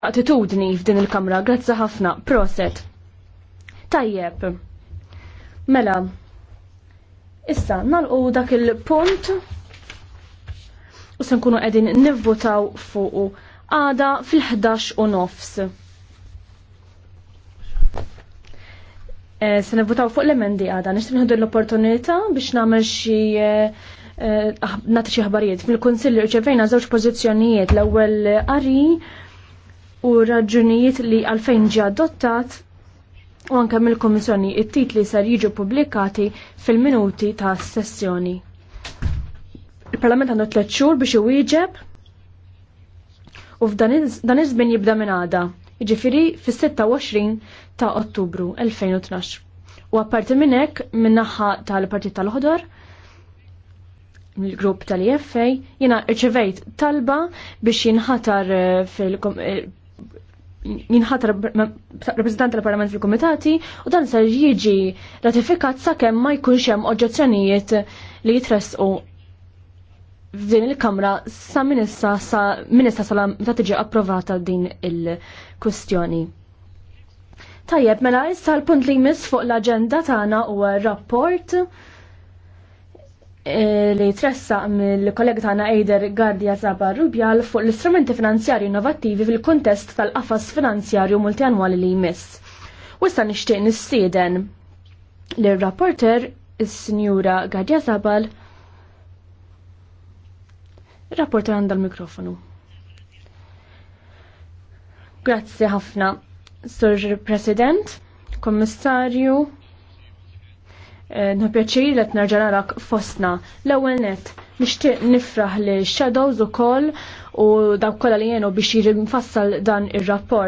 attitudni f'din il-kamra, grazzi ħafna, proset. Tajjeb, mela, issa nalqu dak il-punt u se nkunu qegħdin nivvotaw fuq għada fil-11 u nofs. Eh, se nivvotaw fuq l-emendi għada, nixtieq nħeddu l-opportunità biex nagħmel xi eh, eh, nagħti xi ħbarijiet. fil kunsill irċevejna żewġ pożizzjonijiet l-ewwel qari u raġunijiet li għalfejn ġi adottat u anke mill-Kummissjoni it-titli ser jiġu publikati fil-minuti ta' sessjoni. Il-Parlament għandu tliet xhur biex iwieġeb u f'dan iż-żmien jibda minn għada, jiġifieri fis-26 ta' Ottubru 2012. U apparti minn hekk min-naħa tal-Partit tal-Ħodor, mill-grupp tal-IFA, jiena rċevejt talba biex jinħatar eh, fil eh, jinħat rappresentanti tal-Parlament fil-Komitati u dan ser jiġi ratifikat sakemm ma jkunx hemm oġġezzjonijiet li jitressqu f'din il-Kamra sa minn sa minn sa meta tiġi approvata din il-kwestjoni. Tajjeb, mela issa l-punt li jmiss fuq l-aġenda tagħna huwa rapport Eh, li tressa mill-kollega tagħna Eider Gardia Zabar Rubjal fuq l-istrumenti finanzjarji innovattivi fil-kontest tal-qafas finanzjarju multianwali li jmiss. U issa nixtieq nissieden lir-rapporter is-Sinjura Gardia Zabal Rapporter għandha l-mikrofonu. Grazzi ħafna, Sir President, Kommissarju, Eh, Nħopjaċiri li t-narġanarak fostna. L-ewel net, nishtiq nifraħ li shadows u kol u dawk kolla li jenu biex jirinfassal dan il-rapport.